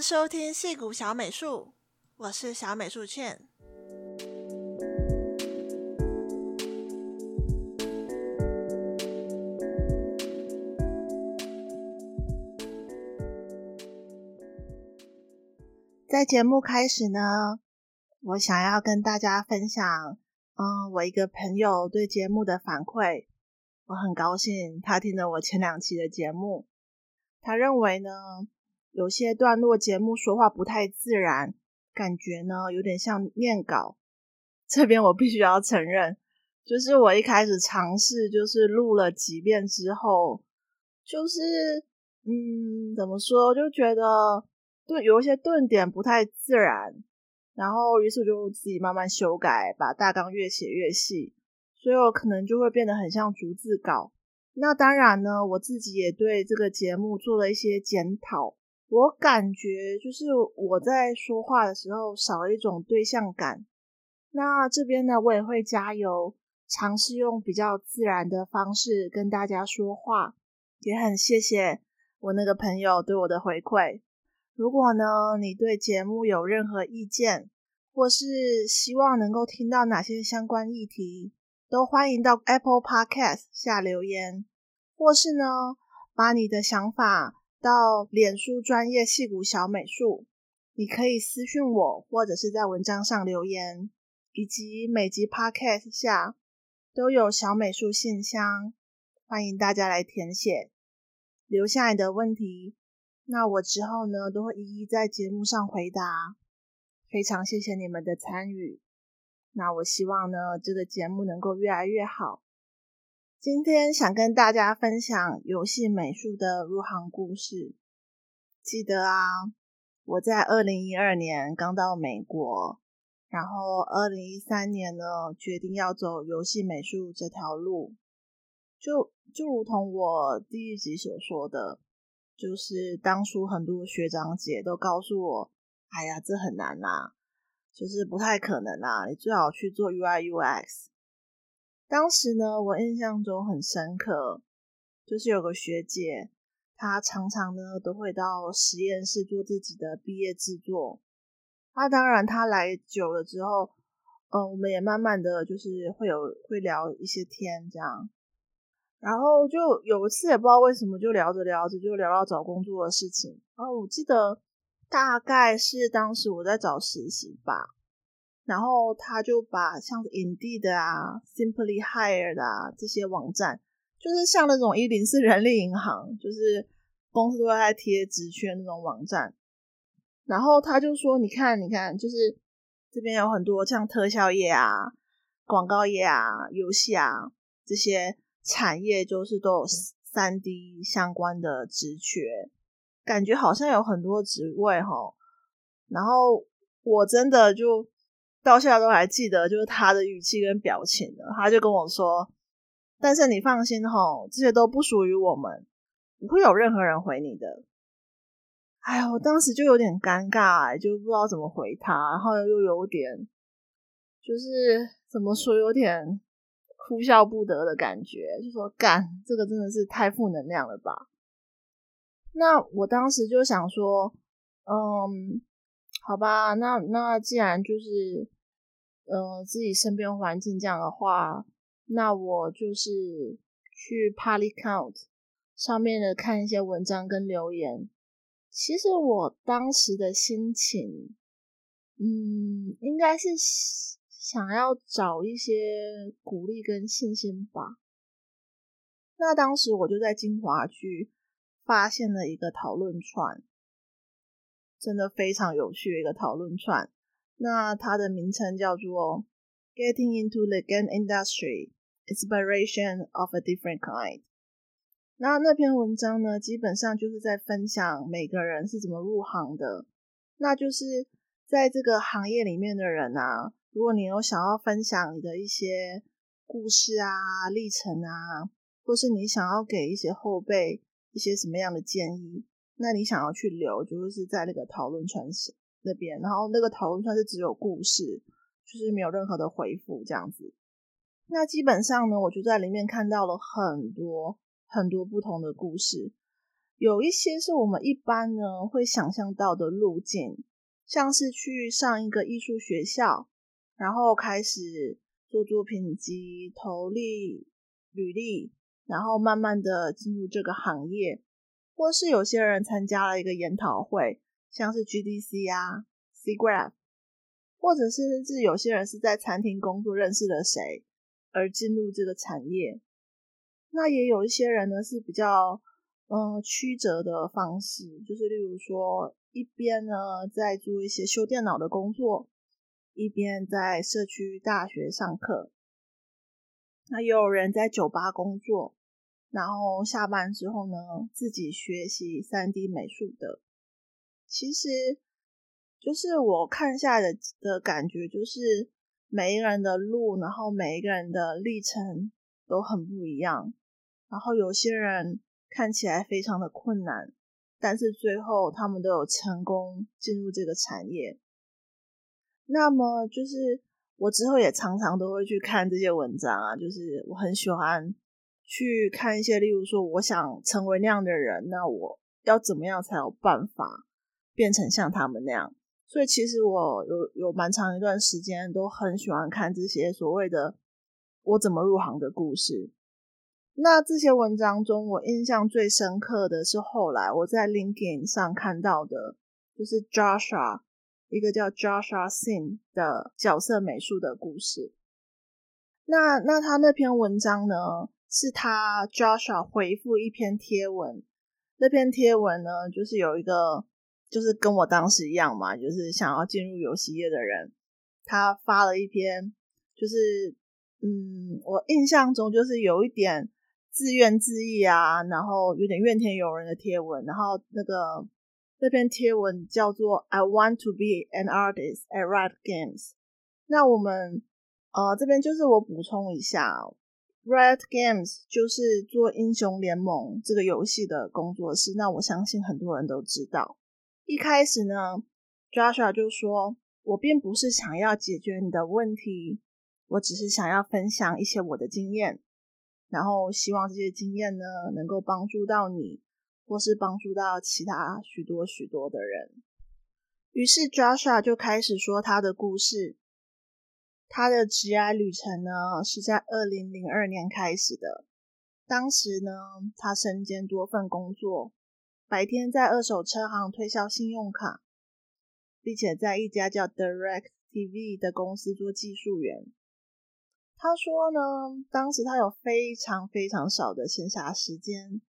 收聽矽谷小美術，我是小美術茜。在節目開始呢，我想要跟大家分享，嗯，我一個朋友對節目的反饋，我很高興他聽了我前兩期的節目，他認為呢，有些段落節目說話不太自然，感覺呢有點像念稿。這邊我必須要承認，就是我一開始嘗試，就是錄了幾遍之後，就是嗯，怎麼說，就覺得頓有一些頓點不太自然。然後，於是我就自己慢慢修改，把大綱越寫越細，所以我可能就會變得很像逐字稿。那當然呢，我自己也對這個節目做了一些檢討。我感覺就是我在說話的時候少一種對象感，那這邊呢，我也會加油，嘗試用比較自然的方式跟大家說話，也很謝謝我那個朋友對我的回饋。如果呢，你對節目有任何意見，或是希望能夠聽到哪些相關議題，都歡迎到 Apple Podcast 下留言，或是呢把你的想法。到臉書專頁矽谷小美術，你可以私訊我，或者是在文章上留言，以及每集 podcast 下都有小美術信箱，歡迎大家來填寫留下來的問題。那我之後呢，都會一一在節目上回答。非常謝謝你們的參與。那我希望呢，這個節目能夠越來越好。今天想跟大家分享遊戲美術的入行故事。記得啊，我在二零一二年剛到美國，然後二零一三年呢，決定要走遊戲美術這條路。就就如同我第一集所說的，就是當初很多學長姐都告訴我：“哎呀，這很難啊，就是不太可能啊，你最好去做 UI UX。”當時呢，我印象中很深刻，就是有個學姐，她常常呢都會到實驗室做自己的畢業製作。那、啊、當然，她來久了之後，嗯、呃，我們也慢慢的就是會有會聊一些天這樣。然後就有一次，也不知道為什麼就聊著聊著，就聊着聊着就聊到找工作的事情哦，啊、我記得大概是當時我在找實習吧。然後他就把像 Indeed 啊、Simply Hired 啊這些網站，就是像那種一零四人力銀行，就是公司都在貼職缺那種網站。然後他就說：“你看，你看，就是這邊有很多像特效業啊、廣告業啊、遊戲啊這些產業，就是都有三 D 相關的職缺，感覺好像有很多職位吼。”然後我真的就。到現在都還記得，就是他的語氣跟表情呢，他就跟我說：“但是你放心吼，這些都不屬於我們，不會有任何人回你的。”哎呀，我當時就有點尷尬、欸，就不知道怎麼回他，然後又有點就是怎麼說，有點哭笑不得的感覺。就說幹，這個真的是太負能量了吧？那我當時就想說：“嗯，好吧，那那既然就是。”呃，自己身邊環境這樣的話，那我就是去 Polycount 上面的看一些文章跟留言。其實我當時的心情，嗯，應該是想要找一些鼓勵跟信心吧。那當時我就在精華區發現了一個討論串，真的非常有趣的一個討論串。那它的名稱叫做《Getting into the Game Industry: Inspiration of a Different Kind》。那那篇文章呢，基本上就是在分享每個人是怎麼入行的。那就是在這個行業裡面的人啊，如果你有想要分享你的一些故事啊、歷程啊，或是你想要給一些後輩一些什麼樣的建議，那你想要去留，就是在那個討論串上。這邊，然後那個頭算是只有故事，就是沒有任何的回復這樣子。那基本上呢，我就在裡面看到了很多很多不同的故事，有一些是我們一般呢會想象到的路徑，像是去上一個藝術學校，然後開始做作品集、投遞履歷，然後慢慢的進入這個行業，或是有些人參加了一個研討會。像是 GDC 啊、SIGGRAPH，或者甚至有些人是在餐廳工作認識了誰而進入這個產業。那也有一些人呢是比較嗯、呃、曲折的方式，就是例如說一邊呢在做一些修電腦的工作，一邊在社區大學上課。那也有人在酒吧工作，然後下班之後呢自己學習三 D 美術的。其實就是我看下的的感覺，就是每一個人的路，然後每一個人的歷程都很不一樣。然後有些人看起來非常的困難，但是最後他們都有成功進入這個產業。那麼就是我之後也常常都會去看這些文章啊，就是我很喜歡去看一些，例如說我想成為那樣的人，那我要怎麼樣才有辦法？變成像他們那樣，所以其實我有有蠻長一段時間都很喜歡看這些所謂的“我怎麼入行”的故事。那這些文章中，我印象最深刻的是後來我在 LinkedIn 上看到的，就是 Joshua，一個叫 Joshua Singh 的角色美術的故事。那那他那篇文章呢，是他 Joshua 回復一篇貼文，那篇貼文呢，就是有一個，就是跟我當時一樣嘛，就是想要進入遊戲業的人，他發了一篇，就是嗯，我印象中就是有一點自怨自艾啊，然後有點怨天尤人的貼文。然後那個這篇貼文叫做 “I want to be an artist at Riot Games”。那我們呃這邊就是我補充一下 Riot Games 就是做《英雄聯盟》這個遊戲的工作室。那我相信很多人都知道。一開始呢，Joshua 就說：“我並不是想要解決你的問題，我只是想要分享一些我的經驗，然後希望這些經驗呢能夠幫助到你，或是幫助到其他許多許多的人。”於是 Joshua 就開始說他的故事。他的職涯旅程呢是在二零零二年開始的，當時呢他身兼多份工作。白天在二手車行推銷信用卡，並且在一家叫 Direct TV 的公司做技術員。他說呢，當時他有非常非常少的閒暇時間，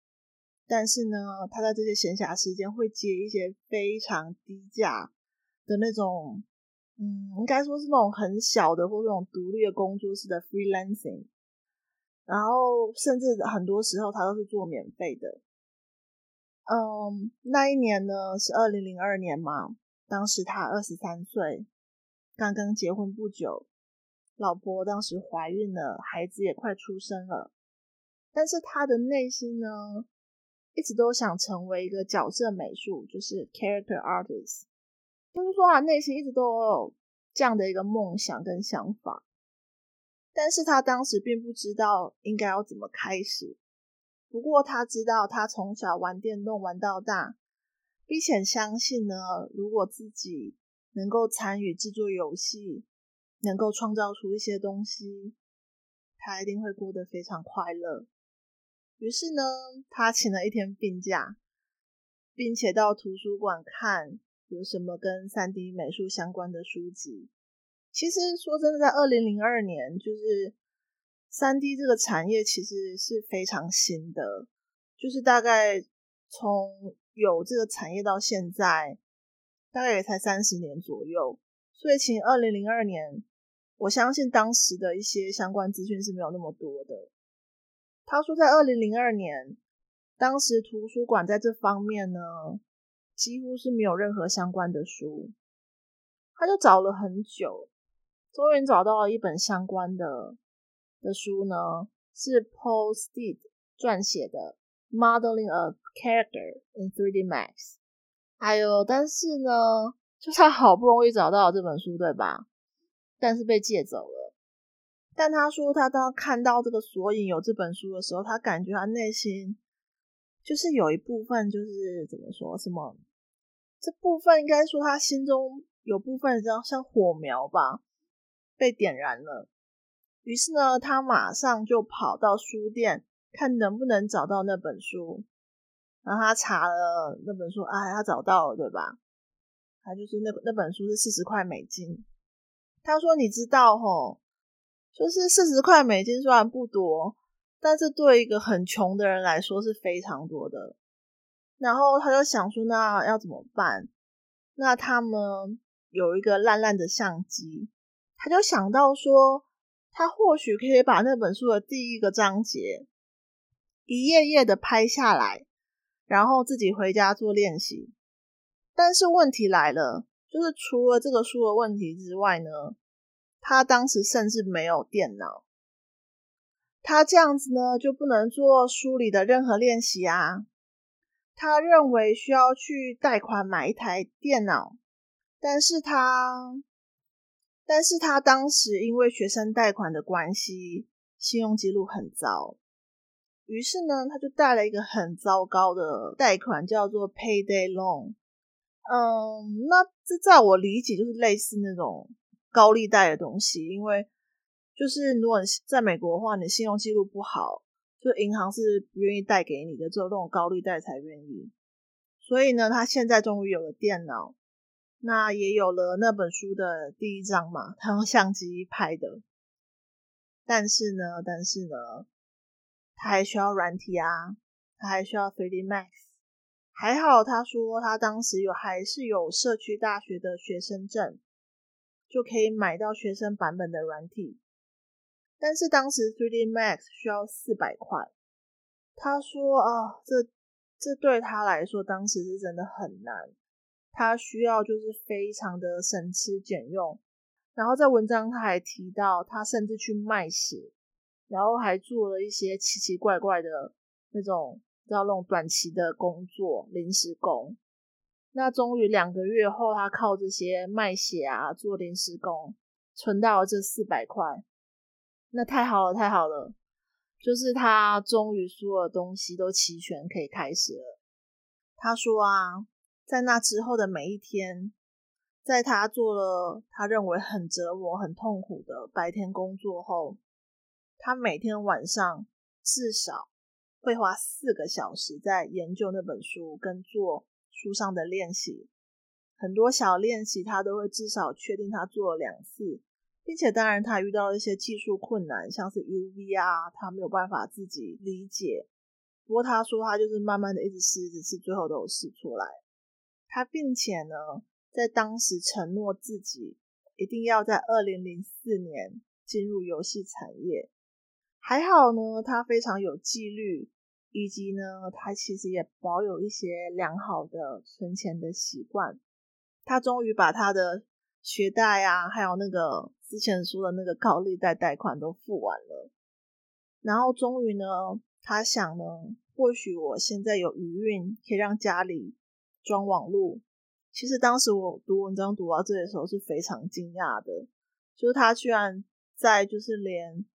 但是呢，他在這些閒暇時間會接一些非常低價的那種，嗯，應該說是那種很小的或者那種獨立的工作室的 freelancing，然後甚至很多時候他都是做免費的。嗯，um，那一年呢是二零零二年嘛，當時他二十三歲，剛剛結婚不久，老婆當時懷孕了，孩子也快出生了。但是他的內心呢，一直都想成為一個角色美術，就是 character artist，就是說啊，內心一直都有這樣的一個夢想跟想法。但是他當時並不知道應該要怎麼開始。不過他知道，他從小玩電動玩到大，並且相信呢，如果自己能夠參與製作遊戲，能夠創造出一些東西，他一定會過得非常快樂。於是呢，他請了一天病假，並且到圖書館看有什麼跟 3D 美術相關的書籍。其實說真的，在2002年，就是。3D 這個產業其實是非常新的，就是大概從有這個產業到現在，大概也才三十年左右。所以，其實二零零二年，我相信當時的一些相關資訊是沒有那麼多的。他說在二零零二年，當時圖書館在這方面呢，幾乎是沒有任何相關的書，他就找了很久，終於找到了一本相關的。的書呢是 Paul Steed 撰寫的《Modeling a Character in 3D Max》。哎呦，還有但是呢，就他好不容易找到這本書，對吧？但是被借走了。但他說他當看到這個索引有這本書的時候，他感覺他內心就是有一部分就是怎麼說什麼這部分應該說，他心中有部分像像火苗吧，被點燃了。於是呢，他馬上就跑到書店看能不能找到那本書。然後他查了那本書，啊，他找到了，對吧？他就是那那本書是四十塊美金。他說：“你知道哦，就是四十塊美金雖然不多，但是對一個很窮的人來說是非常多的。”然後他就想說：“那要怎麼辦？”那他們有一個爛爛的相機，他就想到說。他或許可以把那本書的第一個章節一頁頁的拍下來，然後自己回家做練習。但是問題來了，就是除了這個書的問題之外呢，他當時甚至沒有電腦，他這樣子呢就不能做書裡的任何練習啊。他認為需要去貸款買一台電腦，但是他。但是他當時因為學生貸款的關係，信用記錄很糟，於是呢，他就貸了一個很糟糕的貸款，叫做 Payday Loan。嗯，那這在我理解就是類似那種高利貸的東西，因為就是如果你在美國的話，你的信用記錄不好，就銀行是不願意貸給你的，只有那種高利貸才願意。所以呢，他現在終於有了電腦。那也有了那本書的第一張嘛，他用相機拍的。但是呢，但是呢，他還需要軟體啊，他還需要 3D Max。還好他說他當時有還是有社區大學的學生證，就可以買到學生版本的軟體。但是當時 3D Max 需要四百塊，他說啊、哦，這這對他來說當時是真的很難。他需要就是非常的省吃儉用，然後在文章他還提到，他甚至去賣血，然後還做了一些奇奇怪怪的那種叫那種短期的工作，臨時工。那終於兩個月後，他靠這些賣血啊，做臨時工，存到了這四百塊，那太好了，太好了，就是他終於所有東西都齊全，可以開始了。他說啊。在那之後的每一天，在他做了他認為很折磨、很痛苦的白天工作後，他每天晚上至少會花四個小時在研究那本書跟做書上的練習。很多小練習，他都會至少確定他做了兩次，並且當然他遇到了一些技術困難，像是 UV 啊，他沒有辦法自己理解。不過他說，他就是慢慢的一直試，一直試，最後都有試出來。他並且呢，在當時承諾自己一定要在二零零四年進入遊戲產業。還好呢，他非常有紀律，以及呢，他其實也保有一些良好的存錢的習慣。他終於把他的學貸啊，還有那個之前說的那個高利貸貸款都付完了。然後終於呢，他想呢，或許我現在有餘裕，可以讓家裡。裝網路，其實當時我讀文章讀到這裡的時候是非常驚訝的，就是他居然在就是連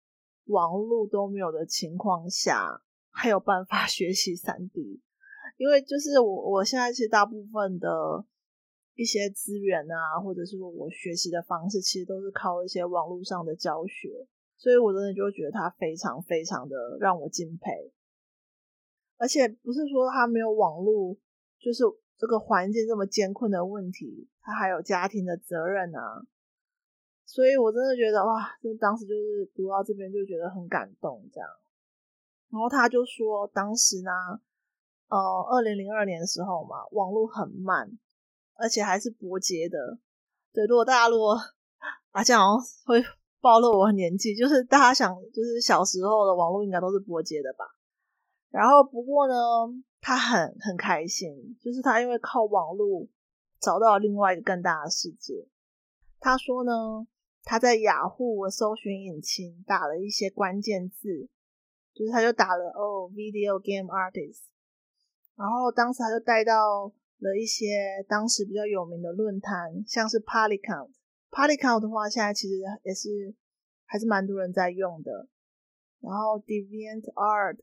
網路都沒有的情況下，還有辦法學習三 D，因為就是我我現在其實大部分的一些資源啊，或者是我學習的方式，其實都是靠一些網絡上的教學，所以我真的就覺得他非常非常的讓我敬佩。而且不是說他沒有網路，就是。這個環境這麼艱困的問題，他還有家庭的責任啊，所以我真的覺得哇，就當時就是讀到這邊就覺得很感動這樣。然後他就說，當時呢，呃，二零零二年的時候嘛，網絡很慢，而且還是撥接的。對，如果大家如果啊，這樣好像會暴露我的年紀，就是大家想，就是小時候的網絡應該都是撥接的吧。然後不過呢。他很很開心，就是他因為靠網絡找到了另外一個更大的世界。他說呢，他在雅虎的搜尋引擎打了一些關鍵字，就是他就打了哦、oh, video game artist，然後當時他就帶到了一些當時比較有名的論壇，像是 p o l y c o t p o l y c o t 的話，現在其實也是還是蠻多人在用的。然後 d e v i a n t Art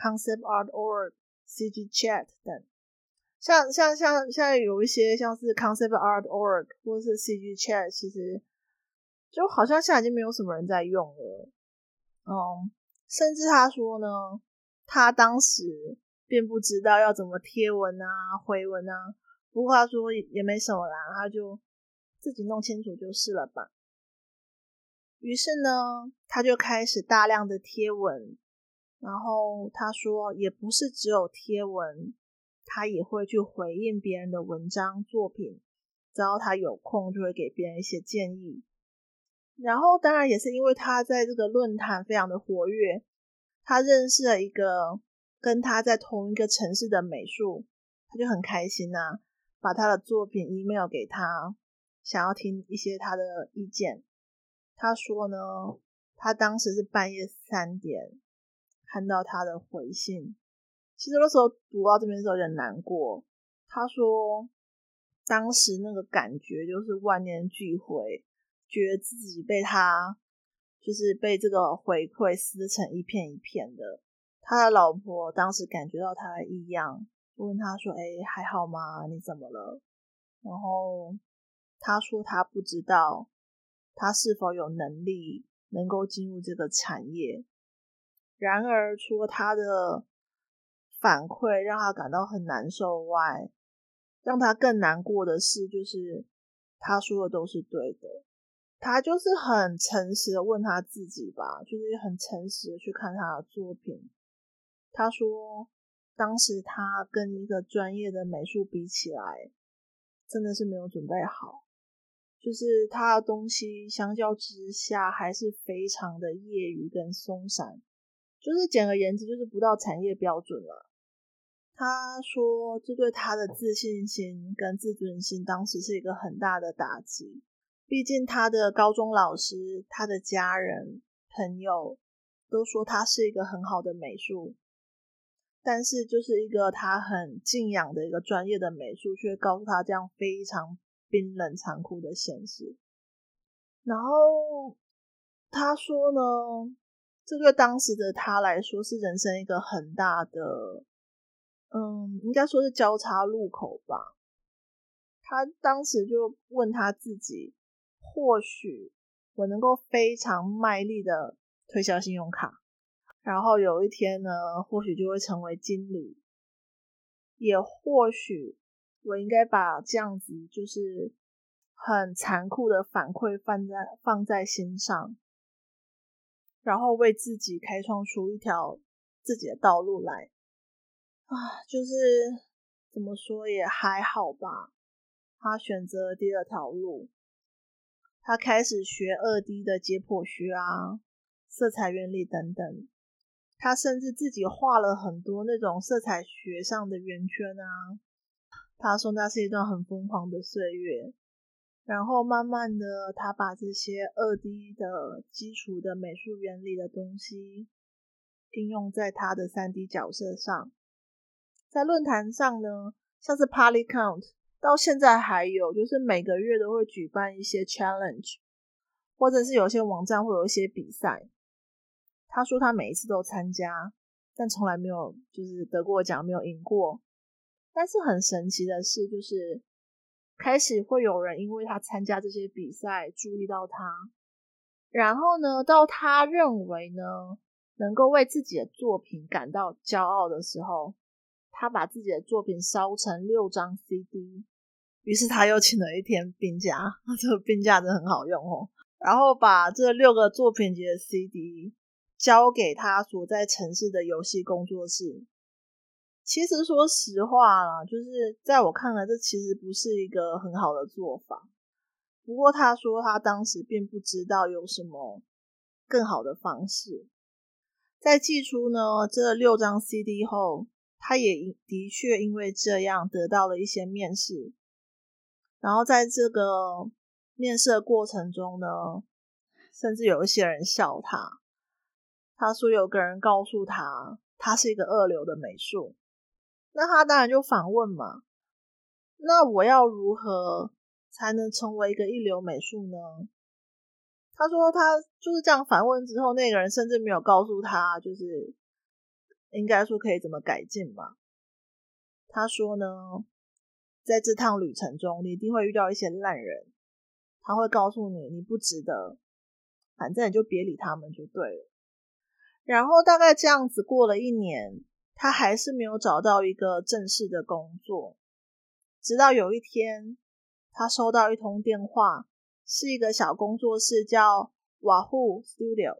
Concept Art Org。C G Chat 等，像像像現在有一些像是 Concept Art Org 或是 C G Chat，其實就好像現在已經沒有什麼人在用了。嗯，甚至他說呢，他當時並不知道要怎麼貼文啊、回文啊。不過他說也，也沒什麼啦，他就自己弄清楚就是了吧。於是呢，他就開始大量的貼文。然後他說，也不是只有貼文，他也會去回應別人的文章作品，只要他有空，就會給別人一些建議。然後當然也是因為他在這個論壇非常的活躍，他認識了一個跟他在同一個城市的美術，他就很開心吶、啊，把他的作品 email 給他，想要聽一些他的意見。他說呢，他當時是半夜三點。看到他的回信，其實那時候讀到這邊的時候有點難過。他說，當時那個感覺就是萬念俱灰，覺得自己被他就是被這個回饋撕成一片一片的。他的老婆當時感覺到他的異樣，就問他說：“哎、欸，還好嗎？你怎麼了？”然後他說：“他不知道，他是否有能力能夠進入這個產業。”然而，除了他的反饋讓他感到很難受外，讓他更難過的事，就是他說的都是對的。他就是很誠實的問他自己吧，就是很誠實的去看他的作品。他說，當時他跟一個專業的美術比起來，真的是沒有準備好，就是他的東西相較之下還是非常的業餘跟鬆散。就是簡而言之，就是不到產業標準了。他說，這對他的自信心跟自尊心，當時是一個很大的打擊。畢竟他的高中老師、他的家人、朋友都說他是一個很好的美術，但是就是一個他很敬仰的一個專業的美術，卻告訴他這樣非常冰冷殘酷的現實。然後他說呢，這對、個、當時的他來說是人生一個很大的，嗯，應該說是交叉路口吧。他當時就問他自己：或許我能夠非常賣力的推銷信用卡，然後有一天呢，或許就會成為經理；也或許我應該把這樣子就是很殘酷的反饋放在放在心上。然後為自己開創出一條自己的道路來啊。就是怎麼說也還好吧。他選擇了第二條路，他開始學二 D 的解剖學啊、色彩原理等等。他甚至自己畫了很多那種色彩學上的圓圈啊。他說那是一段很瘋狂的歲月。然後慢慢的，他把這些 2D 的基礎的美術原理的東西應用在他的 3D 角色上。在論壇上呢，像是 Polycount，到現在還有，就是每個月都會舉辦一些 challenge，或者是有些網站會有一些比賽。他說他每一次都參加，但從來沒有就是得過獎，沒有贏過。但是很神奇的是，就是。開始會有人因為他參加這些比賽注意到他，然後呢，到他認為呢能夠為自己的作品感到驕傲的時候，他把自己的作品燒成六張 CD，於是他又請了一天病假，這個病假真的很好用哦，然後把這六個作品集的 CD 交給他所在城市的遊戲工作室。其實，說實話啦，就是在我看來，這其實不是一個很好的做法。不過，他說他當時並不知道有什麼更好的方式。在寄出呢這六張 CD 後，他也的確因為這樣得到了一些面試。然後，在這個面試的過程中呢，甚至有一些人笑他。他說有個人告訴他，他是一個二流的美術。那他當然就反問嘛，那我要如何才能成為一個一流美術呢？他說他就是這樣反問之後，那個人甚至沒有告訴他，就是應該說可以怎麼改進嘛。他說呢，在這趟旅程中，你一定會遇到一些爛人，他會告訴你你不值得，反正你就別理他們就對了。然後大概這樣子過了一年。他還是沒有找到一個正式的工作，直到有一天，他收到一通電話，是一個小工作室叫 Wahoo Studio，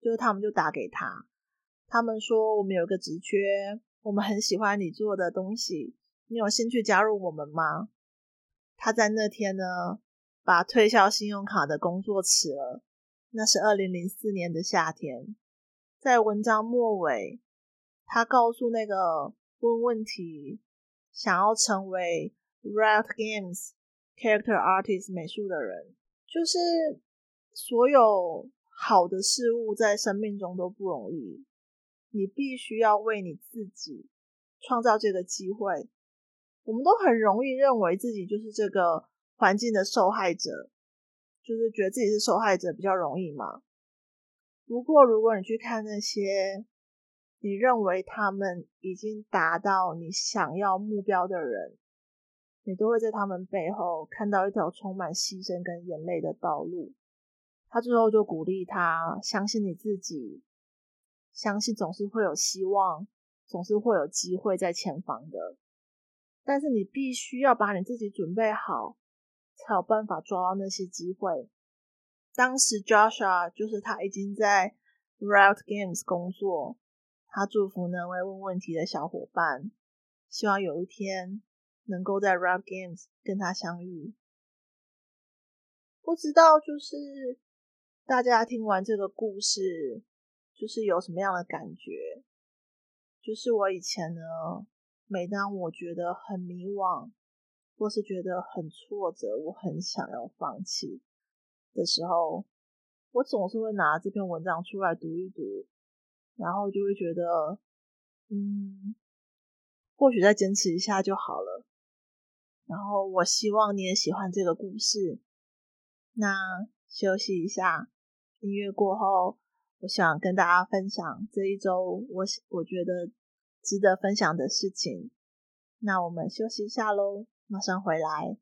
就是他們就打給他，他們說我們有一個職缺，我們很喜歡你做的東西，你有興趣加入我們嗎？他在那天呢，把推銷信用卡的工作辭了。那是二零零四年的夏天，在文章末尾。他告訴那個問問題想要成為 Riot Games character artist 美術的人，就是所有好的事物在生命中都不容易，你必須要為你自己創造這個機會。我們都很容易認為自己就是這個環境的受害者，就是覺得自己是受害者比較容易嘛。不過如果你去看那些，你認為他們已經達到你想要目標的人，你都會在他們背後看到一條充滿犧牲跟眼淚的道路。他最後就鼓勵他，相信你自己，相信總是會有希望，總是會有機會在前方的。但是你必須要把你自己準備好，才有辦法抓到那些機會。當時 Joshua 啊，就是他已經在 Riot Games 工作。他祝福那位問問題的小夥伴，希望有一天能夠在 Riot Games 跟他相遇。不知道就是大家聽完這個故事，就是有什麼樣的感覺？就是我以前呢，每當我覺得很迷惘，或是覺得很挫折，我很想要放棄的時候，我總是會拿這篇文章出來讀一讀。然後就會覺得，嗯，或許再堅持一下就好了。然後我希望你也喜歡這個故事。那休息一下，音樂過後，我想跟大家分享這一周我我覺得值得分享的事情。那我們休息一下嘍，馬上回來。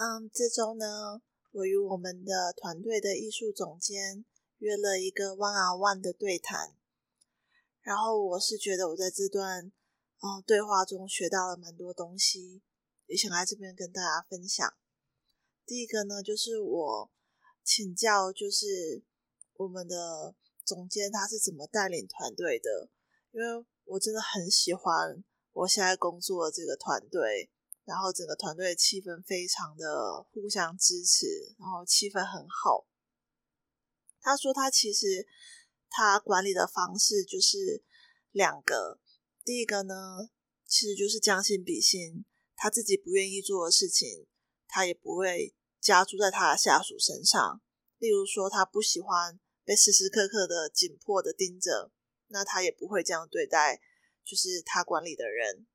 嗯，這週呢，我與我們的團隊的藝術總監約了一個 one on one 的對談，然後我是覺得我在這段哦、嗯、對話中學到了蠻多東西，也想來這邊跟大家分享。第一個呢，就是我請教，就是我們的總監他是怎麼帶領團隊的，因為我真的很喜歡我現在工作的這個團隊。然後整個團隊的氣氛非常的互相支持，然後氣氛很好。他說他其實他管理的方式就是兩個，第一個呢，其實就是將心比心，他自己不願意做的事情，他也不會加諸在他的下屬身上。例如說他不喜歡被時時刻刻的緊迫的盯着，那他也不會這樣對待，就是他管理的人。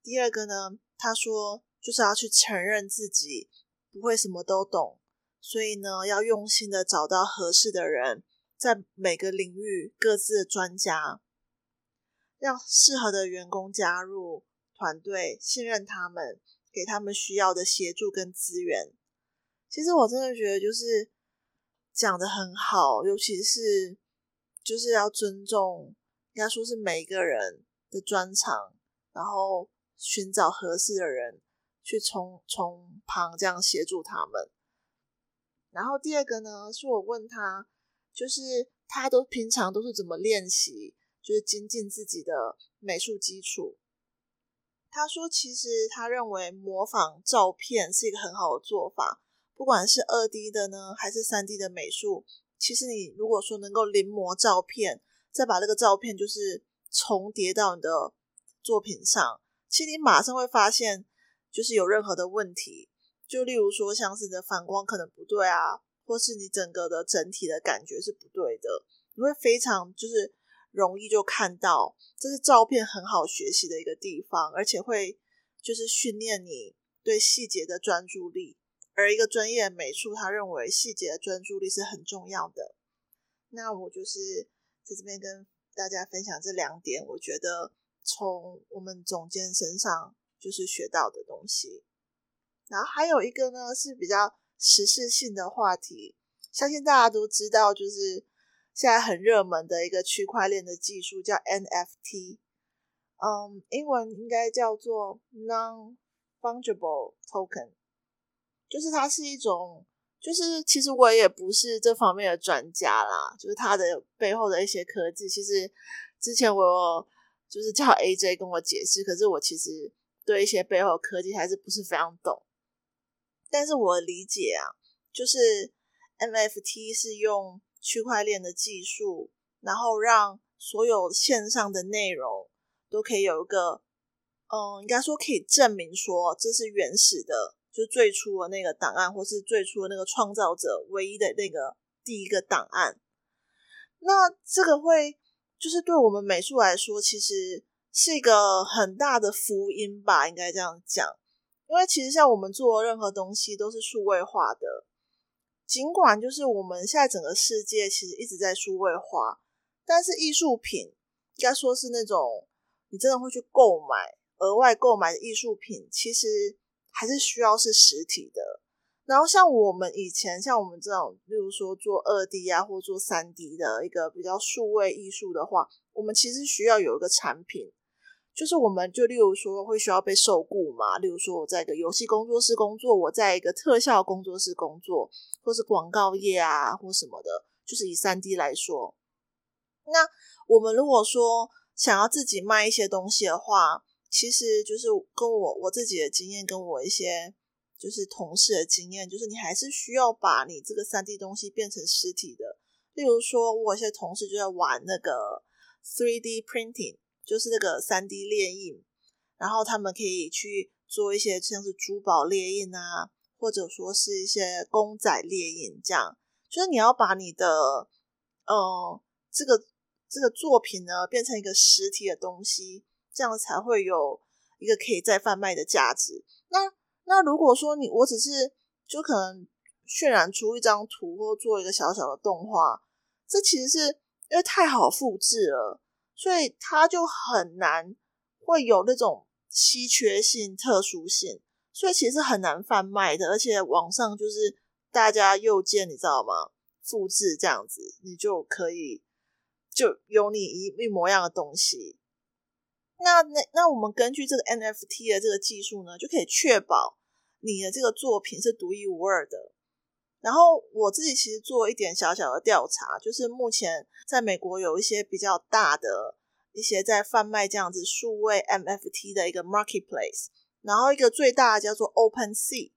第二個呢，他說：“就是要去承認自己不會什麼都懂，所以呢，要用心的找到合適的人，在每個領域各自的專家，讓適合的員工加入團隊，信任他們，給他們需要的協助跟資源。其實我真的覺得就是講得很好，尤其是就是要尊重，應該說是每一個人的專長，然後。”尋找合適的人去從從旁這樣協助他們。然後第二個呢，是我問他，就是他都平常都是怎麼練習，就是精進自己的美術基礎。他說，其實他認為模仿照片是一個很好的做法，不管是 2D 的呢，還是 3D 的美術，其實你如果說能夠臨摹照片，再把那個照片就是重疊到你的作品上。其實你馬上會發現，就是有任何的問題，就例如說像是你的反光可能不對啊，或是你整個的整體的感覺是不對的，你會非常就是容易就看到，這是照片很好學習的一個地方，而且會就是訓練你對細節的專注力。而一個專業美術，他認為細節的專注力是很重要的。那我就是在這邊跟大家分享這兩點，我覺得。從我們總監身上就是學到的東西，然後還有一個呢，是比較時事性的話題，相信大家都知道，就是現在很熱門的一個區塊鏈的技術叫 NFT，嗯，英文應該叫做 Non-Fungible Token，就是它是一種，就是其實我也不是這方面的專家啦，就是它的背後的一些科技，其實之前我有。就是叫 AJ 跟我解釋，可是我其實對一些背後的科技還是不是非常懂。但是我理解啊，就是 NFT 是用區塊鏈的技術，然後讓所有線上的內容都可以有一個，嗯，應該說可以證明說這是原始的，就是最初的那個檔案，或是最初的那個創造者唯一的那個第一個檔案。那這個會。就是對我們美術來說，其實是一個很大的福音吧，應該這樣講。因為其實像我們做任何東西都是數位化的，儘管就是我們現在整個世界其實一直在數位化，但是藝術品應該說是那種你真的會去購買、額外購買的藝術品，其實還是需要是實體的。然後像我們以前，像我們這種，例如說做二 D 啊，或做三 D 的一個比較數位藝術的話，我們其實需要有一個產品，就是我們就例如說會需要被受雇嘛，例如說我在一個遊戲工作室工作，我在一個特效工作室工作，或是廣告業啊，或什麼的，就是以三 D 來說。那我們如果說想要自己賣一些東西的話，其實就是跟我，我自己的經驗跟我一些。就是同事的經驗，就是你還是需要把你這個三 D 東西變成實體的。例如說，我有些同事就在玩那個 3D printing，就是那個三 D 列印，然後他們可以去做一些像是珠寶列印啊，或者說是一些公仔列印這樣。所以你要把你的嗯，這個這個作品呢變成一個實體的東西，這樣才會有一個可以再販賣的價值。那那如果說你我只是就可能渲染出一張圖或做一個小小的動畫，這其實是因為太好複製了，所以它就很難會有那種稀缺性、特殊性，所以其實很難販賣的。而且網上就是大家右鍵，你知道嗎？複製這樣子，你就可以就有你一一模一樣的東西。那那那我們根據這個 NFT 的這個技術呢，就可以確保你的這個作品是獨一無二的。然後我自己其實做一點小小的調查，就是目前在美國有一些比較大的一些在販賣這樣子數位 NFT 的一個 marketplace，然後一個最大的叫做 OpenSea。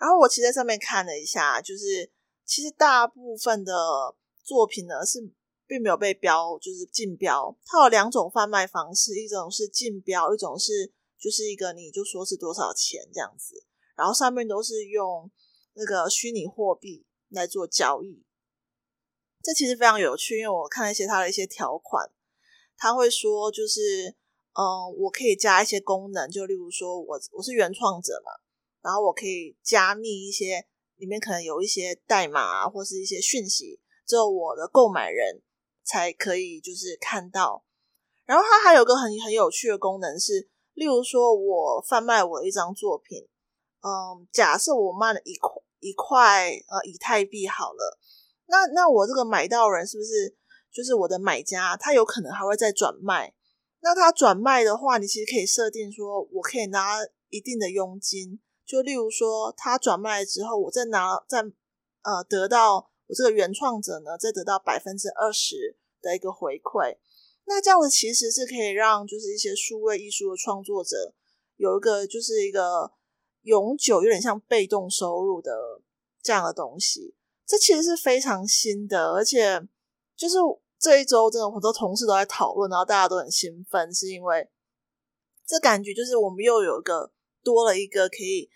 然後我其實在上面看了一下，就是其實大部分的作品呢是。並沒有被標，就是競標。它有兩種販賣方式，一種是競標，一種是就是一個你就說是多少錢這樣子，然後上面都是用那個虛擬貨幣來做交易。這其實非常有趣，因為我看了一些它的一些條款，他會說就是，嗯，我可以加一些功能，就例如說我我是原創者嘛，然後我可以加密一些裡面可能有一些代碼啊，或是一些訊息，只有我的購買人。才可以就是看到，然後它還有個很很有趣的功能是，例如說，我販賣我的一張作品，嗯，假設我賣了一塊一塊呃以太幣好了，那那我這個買到人是不是就是我的買家？他有可能還會再轉賣，那他轉賣的話，你其實可以設定說，我可以拿一定的佣金，就例如說他轉賣之後我，我再拿再呃得到。我這個原創者呢，再得到百分之二十的一個回饋，那這樣子其實是可以讓就是一些數位藝術的創作者有一個就是一個永久有點像被動收入的這樣的東西。這其實是非常新的，而且就是這一周真的很多同事都在討論，然後大家都很興奮，是因為這感覺就是我們又有一個多了一個可以，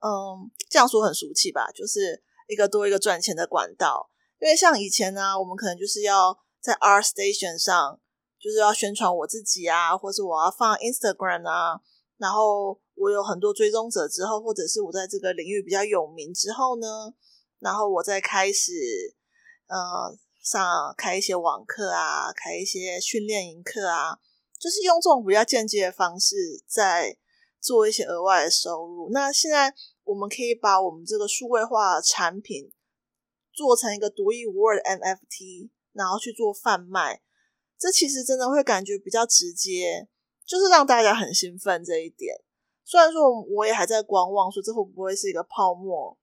嗯，這樣說很俗氣吧，就是。一個多一個賺錢的管道，因為像以前呢、啊，我們可能就是要在 ArtStation 上，就是要宣傳我自己啊，或是我要放 Instagram 啊，然後我有很多追蹤者之後，或者是我在這個領域比較有名之後呢，然後我再開始，嗯、呃、上開一些網課啊，開一些訓練營課啊，就是用這種比較間接的方式在做一些額外的收入。那現在。我們可以把我們這個數位化的產品做成一個獨一無二的 NFT，然後去做販賣。這其實真的會感覺比較直接，就是讓大家很興奮這一點。雖然說我也還在觀望，說這會不會是一個泡沫，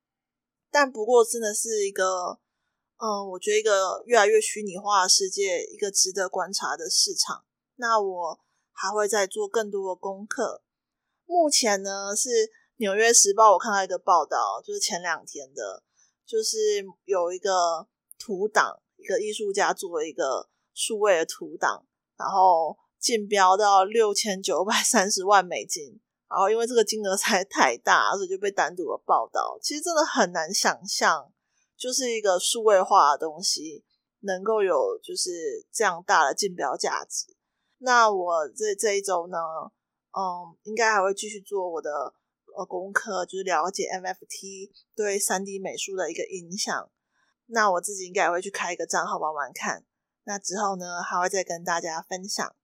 但不過真的是一個，嗯，我覺得一個越來越虛擬化的世界，一個值得觀察的市場。那我還會再做更多的功課。目前呢是。紐約時報，我看到一個報道，就是前兩天的，就是有一個圖檔，一個藝術家做了一個數位的圖檔，然後競標到六千九百三十萬美金，然後因為這個金額才太大，所以就被單獨的報道。其實真的很難想象，就是一個數位化的東西能夠有就是這樣大的競標價值。那我這這一周呢，嗯，應該還會繼續做我的。功課就是了解 NFT 對 3D 美術的一個影響。那我自己應該會去開一個賬號玩玩看。那之後呢，還會再跟大家分享。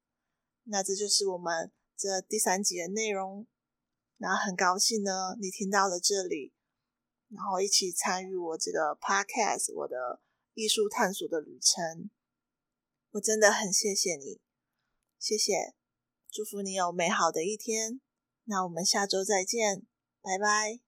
那這就是我們這第三集的內容。那很高興呢，你聽到了這裡，然後一起參與我這個 Podcast 我的藝術探索的旅程。我真的很謝謝你，謝謝，祝福你有美好的一天。那我們下周再見，拜拜。